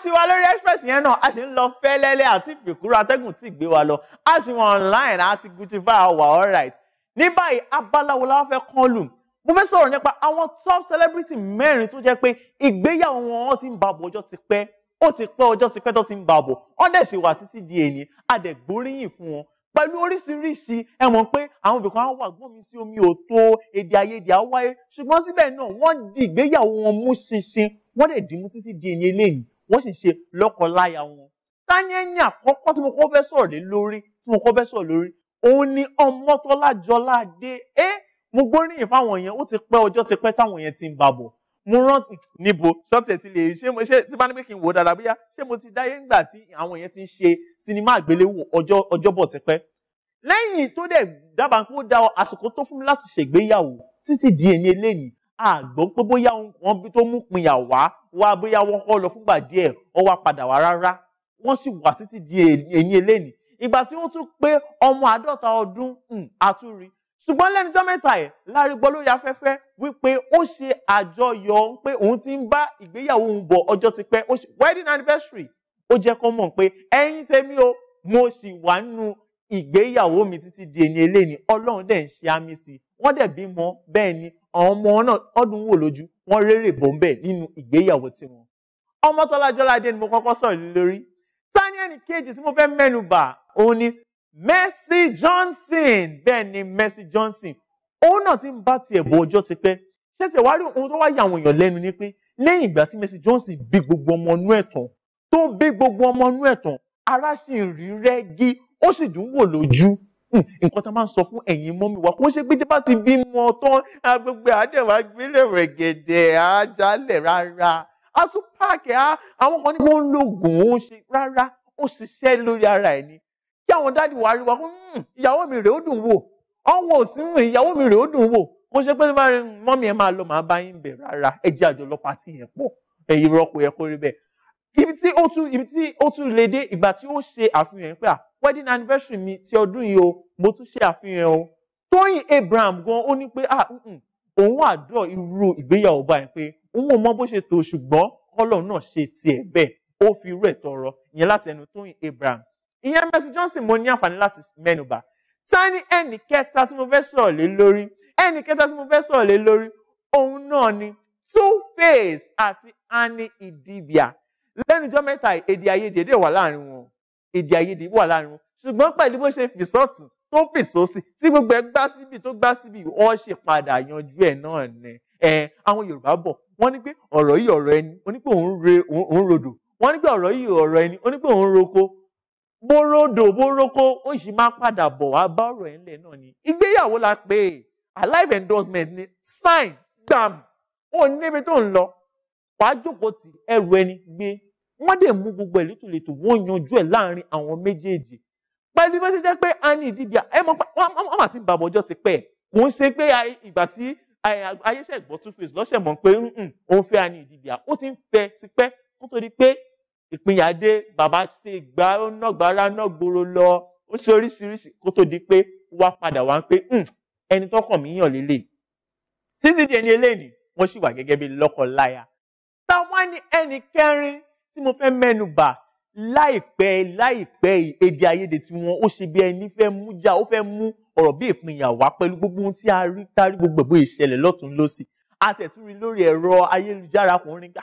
ṣì wà lórí express yẹn náà a ṣì ń lọ fẹ́lẹ́lẹ́ àti ìfìkúrò atẹ́gùn tí gbé wa lọ a ṣì wà online àti gujiva wà alright ní báyìí abáláwo la wá fẹ́ kán lù mo fẹ́ sọ̀rọ̀ nípa àwọn top celebrity mẹ́rin tó jẹ́ pé ìgbéyàwó wọn ti ń ba bọ̀ ọjọ́ ti pẹ́ ó ti pẹ́ ọjọ́ ti pẹ́ tó ti ń ba bọ̀ wọ́n dẹ̀ ṣì wà títí di èní adẹ̀gbóríyìn fún wọn pẹ̀lú oríṣiríṣi ẹ mọ̀ pé àwọn ibìkan á wà gbọ́n mi sí omi òtó èdè àìyedè á wáyé ṣùgbọ́n síbẹ̀ náà wọ́n di ìgbéyàwó wọn mú ṣinṣin wọ́n dẹ̀ dìímú títí di èyí eléyìí wọ́n sì ṣe lọ́kọláya wọn. táyẹ̀yìn àkọ́kọ́ tí mo kọ́ fẹ́ sọ̀rọ̀ lé lórí tí mo kọ́ fẹ́ sọ̀rọ̀ lórí òun ni ọmọtọ́lá jọládé ẹ mo gbóríyìn fáwọn yẹn ó ti pẹ́ ọjọ́ ti pẹ́ táwọn yẹn ti ń babọ̀ mo rántí níbo ṣọ́ọ̀tì ẹ̀ ti lè ṣé mo ṣe tí bá ní pé kí n wò dáadáa bóyá ṣé mo ti dáyé ńgbà tí àwọn yẹn ti ń ṣe sinimá àgbéléwò ọjọ́ ọjọ́bọ̀ ti pẹ́ lẹ́yìn tó dẹ̀ dábàá pé ó dá àsìkò tó fún mi láti ṣègbéyàwó títí di ẹni eléyìí àgbọ̀ pé bóyá wọn tó mú pinya wá wá bóyá wọ́n kọ́ lọ fúngbà díẹ̀ ó wá padà wá rárá wọ́n sì wà títí di ẹ̀yìn eléni ìgbà tí wọ́n tún pé ọmọ àádọ́ta ọdún àtúrí hmm, ṣùgbọ́n lẹ́nujọ́ mẹ́ta ẹ̀ lárigbọ́ lórí afẹ́fẹ́ wípé ó ṣe àjọyọ̀ pé òun ti ń bá ìgbéyàwó òun bọ̀ ọjọ́ ti pẹ́ ó ṣe wedding anniversary ó jẹ́ kó mọ̀ pé ẹ̀yin tèmi o mo sì wà nínú ìgbéyàwó mi títí di ẹni eléni ọlọ́run dẹ̀ ń ṣe àmì sí wọ́n dẹ̀ bímọ bẹ́ẹ̀ ni àwọn ọmọ náà ọdún wò lójú wọ́n rérè bò ń bẹ̀ nínú ìgbéyàwó tiwọn. Ọmọ́tọ́lá Jọládé ni mo kọ́kọ́ sọ̀rọ̀ lórí tani ẹni kejì tí mo fẹ́ mẹ́nu bà òun ni Mercy Johnson bẹ́ẹ̀ ni Mercy Johnson òun náà ti ń bá tiẹ̀ bọ̀ ọjọ́ ti pẹ́ ṣé tiẹ̀ wá rí ohun tó wá yà àwọn èèyàn lẹ́nu ni pé lẹ́yìn ìgbà tí Mercy Johnson bí gbogbo ọmọ inú ẹ̀ tán tó bí gbogbo ọmọ inú ẹ̀ tán ara sì rí rẹ́gí ó sì dùn wò lójú Hmm, nǹkan tá a máa ń sọ fún ẹ̀yin mọ́mí wa kó ṣe pé tí bá ti bímọ tán agbègbè àdẹ̀wà gbélé rẹ̀gẹ̀dẹ̀ àjálẹ̀ rárá aṣọ páàkì á àwọn kan ní wọ́n ń lògùn ó ṣe rárá ó ṣiṣẹ́ lórí ara ẹ̀ ni kí àwọn dáàdì wa rí wa kó hmm, ìyàwó mi rèé ó dùn wò ọ̀wọ́ òsínú ìyàwó mi rèé ó dùn wò kó ṣe pé mọ́mí ẹ máa lọ màá bá yín bẹ̀ rárá ẹ jẹ́ àjọ ọlọ́pàá tí yẹn pọ̀ ẹ̀yìn rọ́pò yẹ kó rí bẹ́ẹ̀ ibi tí ó tún lè dé ìgbà tí ó ṣe àfihàn pé à wedding anniversary mi ti ọdún yìí o mo tún ṣe àfihàn o Tóyìn Abraham gan ó ní pé ah òun wà dúró irú ìgbéyàwó báyìí pé òun ò mọ bó ṣe tó ṣùgbọ́n kọ́lọ̀ náà ṣe tiẹ̀ bẹ́ẹ̀ ó fi irú ẹ̀ tọrọ ìyẹn láti ẹnu Tóyìn Abraham ìyẹn Mercy Johnson mo ní àǹfààní láti mẹ́nubà ta ni ẹnì kẹta tí mo fẹ́ sọ̀rọ̀ lé lórí ẹnì kẹta tí mo fẹ́ sọ̀rọ̀ lé lórí òun náà ni Tuface àti Annie Idibia lẹ́nu ìjọ́ mẹ́ta èdè àìyedè dè wà láàrin wọn èdè àìyedè wà láàrin wọn ṣùgbọ́n pẹ̀lú bó ṣe fi sọ́ọ̀tún tó fi sósì tí gbogbo ẹ gbá síbi tó gbá síbi wọ́n ṣe padà yanjú ẹ̀ náà ni àwọn Yorùbá bọ̀ wọ́n ní pé ọ̀rọ̀ yìí ọ̀rọ̀ ẹni ó ní pé òun rodò wọ́n ní pé ọ̀rọ̀ yìí ọ̀rọ̀ ẹni ó ní pé òun roko bó rodò bó roko ó sì máa padà bọ̀ wá bá ọ̀rọ̀ ẹ̀ ńlẹ̀ náà ni ìgbéyàwó la pé alive endorsement ni sign gbàm ó níbi tó ń lọ wàá jókòó ti ẹrù ẹni gbé wọ́n dẹ̀ mú gbogbo ẹ̀ létòlétò wọ́n yanjú ẹ̀ láàrin àwọn méjèèjì pẹ̀lú bí wọ́n ṣe jẹ́ pé a ní ìdíbíà ẹ mọ̀ pé wọ́n mà ti ń bàbọ̀ ọjọ́ ti pẹ́ kò ń ṣe pé ìgbà tí ayéṣẹ́ ìgbọ́ two face lọ́sẹ̀ mọ̀ pé òun fẹ́ a ní ìdíbíà ó ti ń fẹ́ ti pẹ́ nítorí pé ìpínyà dé bàbá ṣe ìgbà ọ̀nàgbára náà gbòòrò lọ ó ṣe oríṣiríṣi kó tó di pé wá padà wá pé mm, ẹni tọkàn mi yàn lélẹ̀ títí di ẹni eléyìí wọ́n sì wà gẹ́gẹ́ bí lọ́kọ láya táwọn ní kẹrin tí mo fẹ́ mẹ́nu bà láìpẹ́ láìpẹ́ èdè àìyedè tí wọ́n ó ṣe bí ẹni fẹ́ mú jà ó fẹ́ mú ọ̀rọ̀ bí ìpínyà wá pẹ̀lú gbogbo ohun tí a rí tárí gbogbo ìgbò ìṣẹ̀lẹ̀ lọ́tún lọ́sì àtẹ̀túrí lórí ẹ̀rọ ayélujára kò ń rìn gbà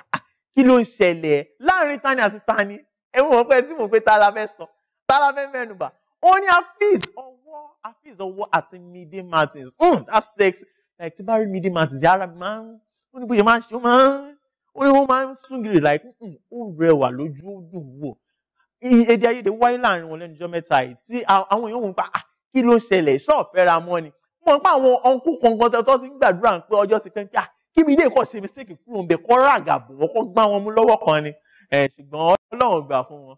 kí ló ń ṣẹlẹ̀ láàrin tani àti tani ẹ̀wọ̀n wọn pẹ́ tí mo pé tálá fẹ́ sọ tálá fẹ́ mẹ́nu bà ó ní afeez ọwọ́ afeez ọwọ́ àti midi martins mm, that's sex like tí bá rí midi martins yàrá mi máa ń ó ní bóyá máa ń ṣe ó máa ń ó ní wọ́n máa ń sún gírì láì ó rẹwà lójú ó dùn wò èdè ayédè wáyé láàrin wọn lẹ́nujọ́ mẹ́ta yìí tí àwọn èèyàn wò pa ah, kí ló ṣẹlẹ̀ ṣọ́ọ̀fẹ́ra mọ́ ni mo ń pa àwọn ọ̀nkú kankan tó ti ń gbàdúrà pé ọjọ́ ti pẹ́ pé ah, kíbi ilé ìkọ́ ṣe mistake kúrò ń bẹ̀ kọ́ ràgà bò wọ́n kọ́ gbá wọn mú lọ́wọ́ kan ni ṣùgbọ́n ọlọ́run gbà fún wọn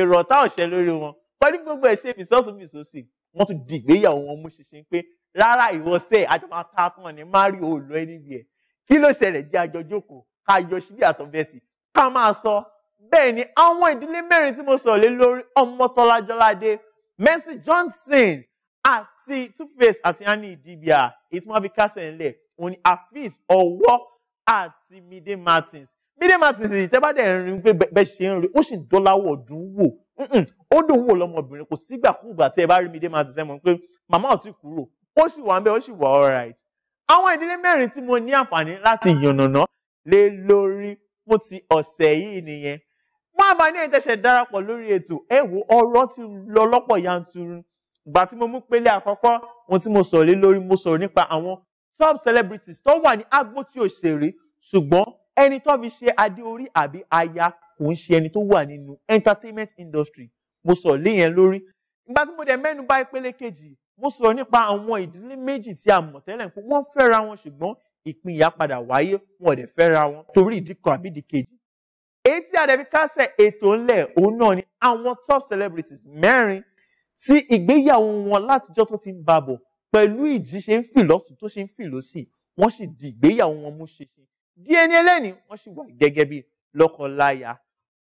èrò ọ̀tá ọ̀ṣẹ́ lórí wọn pẹ̀lú gbogbo ẹ̀ ṣe fìsọ́sùn fìsọ́sì wọ́n tún di ìgbéyàwó wọn mú ṣinṣin pé rárá ìwọ́sẹ̀ àjọpọ̀ àtàkùn ni má rí òòlù ẹni bí ẹ̀ kí ló ṣẹlẹ̀ jẹ́ àjọjókòó ká yọ síbí àtọ̀bẹ́tì ká máa sọ bẹ́ẹ̀ ni àwọn ìdílé mẹ́rin tí mo sọ̀rọ̀ lé lórí Ọmọ́tọ́lá Jọládé Mercy Johnson àti Tuface àti Annie Idibia èyí tí wọ́n fi kásẹ̀ ńlẹ̀ òun ni Afeez Ọwọ́ àti Mide Martins Mide Martins èyí tẹ́ bá dẹ̀ rin pé bẹ́ẹ̀ ṣe ń rí ó sì ń dọ́láwọ̀ ọ̀dún wò ó dùn wò lọ́mọbìnrin kò sígbàkúùgbà tí ẹ bá rí Mide Martins ẹ mọ̀ pé màmá ò tí kúrò ó sì wà ń bẹ́ẹ̀ ó sì wà all right àwọn ìdílé mẹ́rin tí mo ní àǹfààní láti yànnàná lé lórí fún ti ọ̀sẹ̀ yìí nìyẹn wọ́n á máa ní ẹ̀ńtẹ̀ṣẹ̀ darapọ̀ lórí ètò ẹ wo ọ̀rọ̀ ti lọ lọ́pọ̀ yanturu ìgbà tí mo mú pélé àkọ́kọ́ ohun tí mo sọ̀rọ̀ lé lórí mo sọ̀rọ̀ nípa àwọn top celebrities tó wà ní agbó òṣèré ṣùgbọ́n ẹni tó fi ṣe adé orí àbí aya kò ń ṣe ẹni tó wà nínú entertainment industry mo sọ̀rọ̀ lé yẹn lórí ìgbà tí mo dẹ̀ mẹ́nu bà ìpele kejì mo sọ̀rọ̀ nípa àwọn ìdílé méjì tí a mọ̀ tẹ́lẹ̀ pé wọ́n fẹ́ra wọn ṣùgbọ́n ìpínyà padà wáyé wọn ò dẹ̀ fẹ́ra wọn torí ìdí kan àbí ìdí kejì. èyí tí a kásẹ̀ ètò ńlẹ̀ òun náà ni àwọn top celebrities mẹ́rin tí ìgbéyàwó wọn látijọ́ tó ti ń bá bọ̀ pẹ̀lú ìjì ṣe ń fìlọ́tún tó ṣe ń fìlọ́sì wọ́n sì di ìgbéyàwó wọn mú ṣinṣin díẹ̀ ní ẹlẹ́ni wọ́n sì wà gẹ́gẹ́ bí lọ́kọ-láya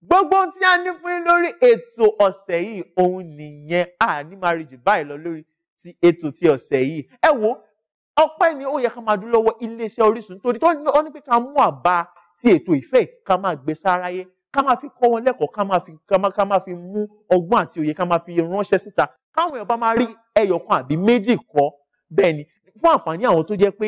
gbogbo ohun tí a ní fún yín lórí ètò ọ̀sẹ̀ yìí òun nìyẹn a máa rí jù báyìí lọ lórí ti ètò ti ọ̀sẹ̀ yìí ẹ wo ọpẹ́ ni ó yẹ ká máa dún lọ́wọ́ iléeṣẹ́ Orísun torí tó ní pé ká mú àbá ti ètò ìfẹ́ ká máa gbé sáráyé ká máa fi kọ́ wọn lẹ́kọ̀ọ́ ká máa fi ká máa fi mú ọgbọ́n àti òye ká máa fi ránṣẹ́ síta káwọn èèyàn bá máa rí ẹyọkan àbí méjì kọ́ bẹ́ẹ̀ ni fún àǹfààní àwọn tó jẹ́ pé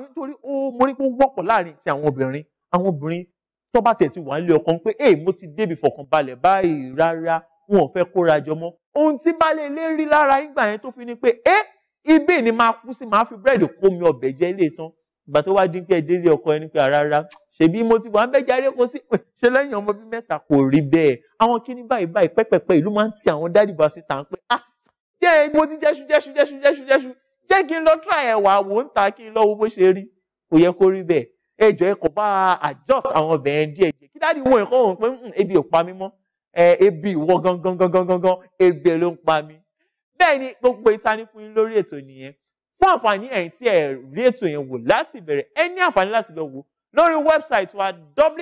nítorí ó mo rí pé ó wọ́pọ̀ láàrin ti àwọn obìnrin àwọn obìnrin tó bá tiẹ̀ ti wà nílé ọkàn pé èè mo ti débi fọkànbalẹ̀ báyìí rárá wọn ò fẹ́ kóra jọ ohun tí baálé ilé rí lára ìgbà yẹn tó fi ni pé ẹ́ ibẹ̀ ni máa kú sí máa fi búrẹ́dì kó mi ọbẹ̀ jẹ ilé tán ìgbà tó wá dín pé délé ọkọ ẹni pé ah, rárá ṣèbí mo ti wà ń bẹ́jà eré kó sí pé ṣe lẹ́yìn ọmọ bíi mẹ́ta kò rí bẹ́ẹ̀ àwọn kíní báyìí báyìí pẹ́pẹ́pẹ́ ìlú máa ń ti àwọn dádì bá sí tàn pé ah jẹ́ mo ti jẹ́ṣu jẹ́ṣu jẹ́ṣu jẹ́ṣu jẹ́ṣu jẹ́ kí n lọ try ẹ̀wà wò ń ta kí n lọ wo bó ṣe rí kò yẹ kó rí bẹ́ẹ̀ ẹ jọ̀ọ́ ẹ kò bá adjust àwọn obìnrin díẹ̀ díẹ̀ kí dádì wọn ẹ̀kọ́ wọn pé hmm, ebi ò pa mí mọ́ ebi ìwọ gangan gangan ebi ẹ ló ń pa mí bẹ́ẹ̀ ni gbogbo ìtaní fún yín lórí ètò nìyẹn fún àǹfààní ẹ̀yin tí ẹ̀ rí ètò yẹn wò láti ìbẹ̀rẹ̀ ẹ ní àǹfààní láti lọ wò lórí wẹ́bsáìtì wa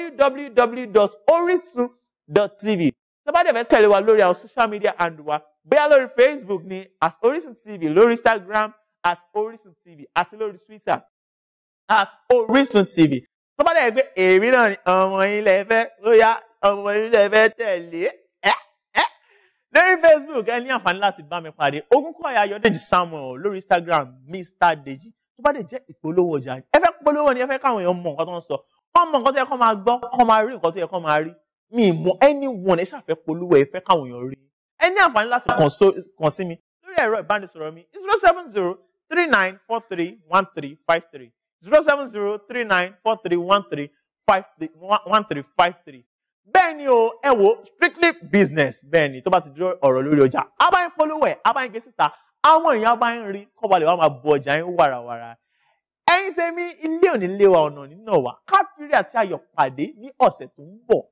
www.orisun.tv tó bá dẹ̀ fẹ́ tẹ̀lé wa lórí àwọn social media and wa bóyá lórí Facebook ni at Orisun TV lórí Instagram at Orisun TV àti lórí Twitter at Orisun TV tó bá dẹ̀ gbé èmi náà ni ọmọ yín lẹ fẹ́ bóyá ọmọ yín fẹ́ tẹ̀lé lórí facebook ẹ ní àǹfààní láti bá mi pàdé Ogunkoya Ayọ̀dèjì Samuel lórí instagram mr deji tó bá dé jẹ́ ìpolówó ọjà ni ẹ fẹ́ polówó ni ẹ fẹ́ káwọn èèyàn mọ nǹkan tó ń sọ wọ́n mọ nǹkan tó yẹ kó máa gbọ́ kó máa rí nǹkan tó yẹ kó máa rí mi mọ anyone ẹ ṣàfẹ́ polówó ẹ fẹ́ káwọn èèyàn rí ẹ ní àǹfààní láti kàn sí mi lórí ẹ̀rọ ìbánisọ̀rọ̀ mi zero seven zero three nine four three one three five three zero seven zero three nine four three one three five three one three five three bẹ́ẹ̀ ni o ẹ wo strictly business bẹ́ẹ̀ ni tó bá ti dúró ọ̀rọ̀ lórí ọjà abáyín polówó ẹ̀ abáyín gé síta àwọn èèyàn abáyín rí kọ́balẹ̀ wa máa bu ọjà yín wàràwàrà ẹ̀yin tèmi ilé òní lé wa ọ̀nà nínú wa káfíńrì àti ayọ̀ pàdé ní ọ̀sẹ̀ tó ń bọ̀